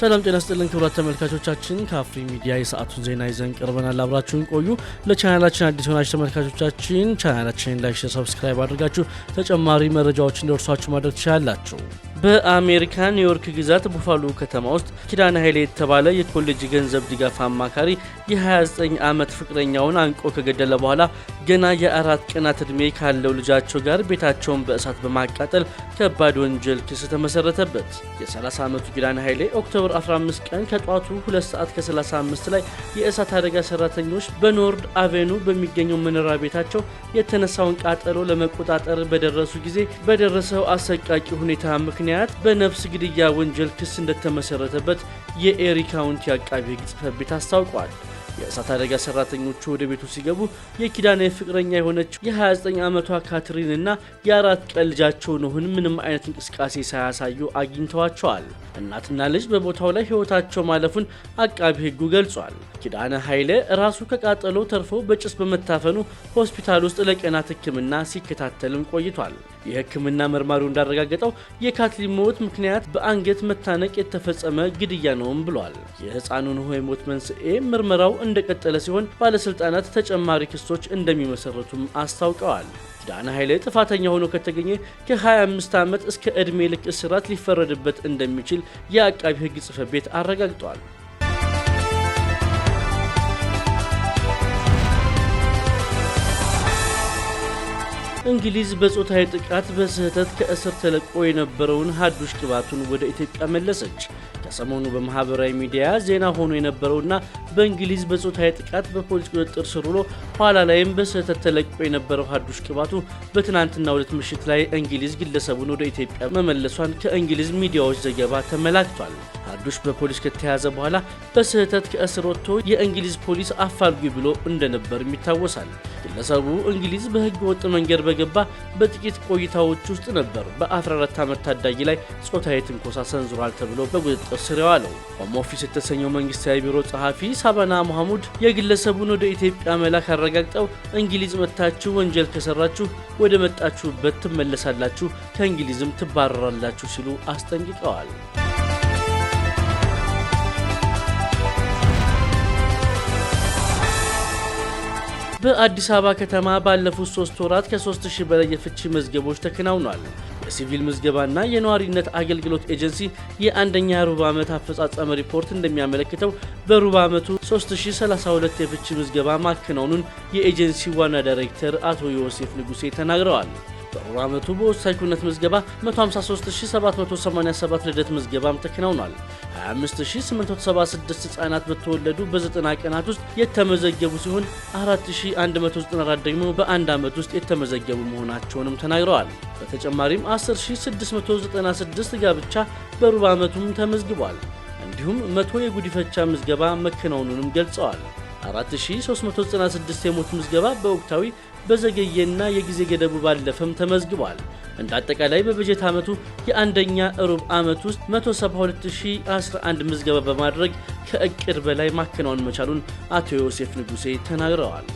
ሰላም ጤና ስጥልን ክብራት ተመልካቾቻችን፣ ከአፍሪ ሚዲያ የሰዓቱን ዜና ይዘን ቀርበናል። አብራችሁን ቆዩ። ለቻናላችን አዲስ የሆናችሁ ተመልካቾቻችን ቻናላችንን ላይክ፣ ሰብስክራይብ አድርጋችሁ ተጨማሪ መረጃዎች እንዲደርሷችሁ ማድረግ ትችላላችሁ። በአሜሪካ ኒውዮርክ ግዛት ቡፋሎ ከተማ ውስጥ ኪዳነ ኃይሌ የተባለ የኮሌጅ ገንዘብ ድጋፍ አማካሪ የ29 ዓመት ፍቅረኛውን አንቆ ከገደለ በኋላ ገና የአራት ቀናት ዕድሜ ካለው ልጃቸው ጋር ቤታቸውን በእሳት በማቃጠል ከባድ ወንጀል ክስ ተመሰረተበት። የ30 ዓመቱ ኪዳነ ኃይሌ ኦክቶበር 15 ቀን ከጧቱ 2 ሰዓት ከ35 ላይ የእሳት አደጋ ሰራተኞች በኖርድ አቬኑ በሚገኘው መኖሪያ ቤታቸው የተነሳውን ቃጠሎ ለመቆጣጠር በደረሱ ጊዜ በደረሰው አሰቃቂ ሁኔታ ምክንያት ምክንያት በነፍስ ግድያ ወንጀል ክስ እንደተመሰረተበት የኤሪ ካውንቲ አቃቢ ሕግ ጽሕፈት ቤት አስታውቋል። የእሳት አደጋ ሰራተኞቹ ወደ ቤቱ ሲገቡ የኪዳኔ ፍቅረኛ የሆነችው የ29 ዓመቷ ካትሪን እና የአራት ቀን ልጃቸው ኖህን ምንም አይነት እንቅስቃሴ ሳያሳዩ አግኝተዋቸዋል። እናትና ልጅ በቦታው ላይ ሕይወታቸው ማለፉን አቃቢ ሕጉ ገልጿል። ኪዳነ ኃይሌ ራሱ ከቃጠሎ ተርፎ በጭስ በመታፈኑ ሆስፒታል ውስጥ ለቀናት ሕክምና ሲከታተልም ቆይቷል። የሕክምና መርማሪው እንዳረጋገጠው የካትሊን ሞት ምክንያት በአንገት መታነቅ የተፈጸመ ግድያ ነውም ብሏል። የሕፃኑን ውሆ የሞት መንስኤ ምርመራው እንደቀጠለ ሲሆን ባለስልጣናት ተጨማሪ ክሶች እንደሚመሰረቱም አስታውቀዋል። ዳና ኃይሌ ጥፋተኛ ሆኖ ከተገኘ ከ25 ዓመት እስከ ዕድሜ ልክ እስራት ሊፈረድበት እንደሚችል የአቃቢ ሕግ ጽሕፈት ቤት አረጋግጧል። እንግሊዝ በጾታዊ ጥቃት በስህተት ከእስር ተለቆ የነበረውን ሀዱሽ ቅባቱን ወደ ኢትዮጵያ መለሰች። ከሰሞኑ በማህበራዊ ሚዲያ ዜና ሆኖ የነበረውና በእንግሊዝ በጾታዊ ጥቃት በፖሊስ ቁጥጥር ስር ውሎ ኋላ ላይም በስህተት ተለቅቆ የነበረው ሀዱሽ ቅባቱ በትናንትና ሁለት ምሽት ላይ እንግሊዝ ግለሰቡን ወደ ኢትዮጵያ መመለሷን ከእንግሊዝ ሚዲያዎች ዘገባ ተመላክቷል። ሀዱሽ በፖሊስ ከተያዘ በኋላ በስህተት ከእስር ወጥቶ የእንግሊዝ ፖሊስ አፋልጉ ብሎ እንደነበርም ይታወሳል። ግለሰቡ እንግሊዝ በህገ ወጥ መንገድ በገባ በጥቂት ቆይታዎች ውስጥ ነበር በ14 ዓመት ታዳጊ ላይ ጾታዊ ትንኮሳ ሰንዝሯል ተብሎ በቁጥጥር በቁጥጥር ስር የዋለው። ሆም ኦፊስ የተሰኘው መንግስታዊ ቢሮ ጸሐፊ ሳባና መሐሙድ የግለሰቡን ወደ ኢትዮጵያ መላክ አረጋግጠው እንግሊዝ መጥታችሁ ወንጀል ከሰራችሁ ወደ መጣችሁበት ትመለሳላችሁ፣ ከእንግሊዝም ትባረራላችሁ ሲሉ አስጠንቅቀዋል። በአዲስ አበባ ከተማ ባለፉት ሶስት ወራት ከ 3000 በላይ የፍቺ መዝገቦች ተከናውኗል። የሲቪል ምዝገባና የነዋሪነት አገልግሎት ኤጀንሲ የአንደኛ ሩብ ዓመት አፈጻጸም ሪፖርት እንደሚያመለክተው በሩብ ዓመቱ 3032 የፍቺ ምዝገባ ማከናወኑን የኤጀንሲ ዋና ዳይሬክተር አቶ ዮሴፍ ንጉሴ ተናግረዋል። በሩብ ዓመቱ በወሳኝ ኩነት ምዝገባ 153787 ልደት ምዝገባም ተከናውኗል። 25876 ህጻናት በተወለዱ በ90 ቀናት ውስጥ የተመዘገቡ ሲሆን 4194 ደግሞ በአንድ ዓመት ውስጥ የተመዘገቡ መሆናቸውንም ተናግረዋል። በተጨማሪም 10696 ጋብቻ በሩብ ዓመቱም ተመዝግቧል። እንዲሁም መቶ የጉዲፈቻ ምዝገባ መከናወኑንም ገልጸዋል። 4396 የሞት ምዝገባ በወቅታዊ በዘገየና የጊዜ ገደቡ ባለፈም ተመዝግቧል። እንደ አጠቃላይ በበጀት ዓመቱ የአንደኛ ሩብ ዓመት ውስጥ 172011 ምዝገባ በማድረግ ከእቅድ በላይ ማከናወን መቻሉን አቶ ዮሴፍ ንጉሴ ተናግረዋል።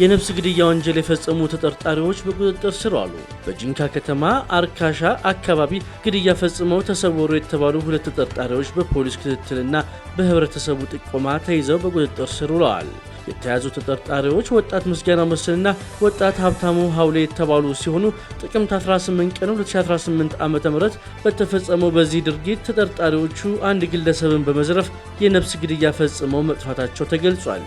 የነፍስ ግድያ ወንጀል የፈጸሙ ተጠርጣሪዎች በቁጥጥር ስር አሉ። በጂንካ ከተማ አርካሻ አካባቢ ግድያ ፈጽመው ተሰወሩ የተባሉ ሁለት ተጠርጣሪዎች በፖሊስ ክትትልና በህብረተሰቡ ጥቆማ ተይዘው በቁጥጥር ስር ውለዋል። የተያዙ ተጠርጣሪዎች ወጣት ምስጋና መስልና ወጣት ሀብታሙ ሀውሌ የተባሉ ሲሆኑ ጥቅምት 18 ቀን 2018 ዓ ም በተፈጸመው በዚህ ድርጊት ተጠርጣሪዎቹ አንድ ግለሰብን በመዝረፍ የነፍስ ግድያ ፈጽመው መጥፋታቸው ተገልጿል።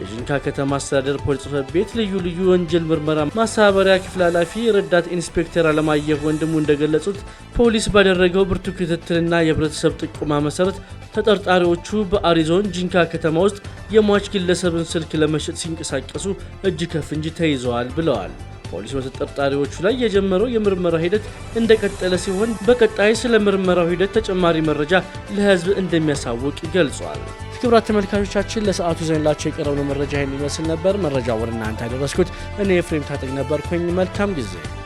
የጂንካ ከተማ አስተዳደር ፖሊስ ጽፈት ቤት ልዩ ልዩ ወንጀል ምርመራ ማስተባበሪያ ክፍል ኃላፊ ረዳት ኢንስፔክተር አለማየሁ ወንድሙ እንደገለጹት ፖሊስ ባደረገው ብርቱ ክትትልና የህብረተሰብ ጥቁማ መሰረት ተጠርጣሪዎቹ በአሪዞን ጂንካ ከተማ ውስጥ የሟች ግለሰብን ስልክ ለመሸጥ ሲንቀሳቀሱ እጅ ከፍንጅ ተይዘዋል ብለዋል። ፖሊስ በተጠርጣሪዎቹ ላይ የጀመረው የምርመራ ሂደት እንደቀጠለ ሲሆን በቀጣይ ስለ ምርመራው ሂደት ተጨማሪ መረጃ ለህዝብ እንደሚያሳውቅ ገልጿል። ክቡራት ተመልካቾቻችን ለሰዓቱ ዘንላቸው የቀረብነው መረጃ ይህን ይመስል ነበር። መረጃ ወደ እናንተ ያደረስኩት እኔ የፍሬም ታጠቅ ነበርኩኝ። መልካም ጊዜ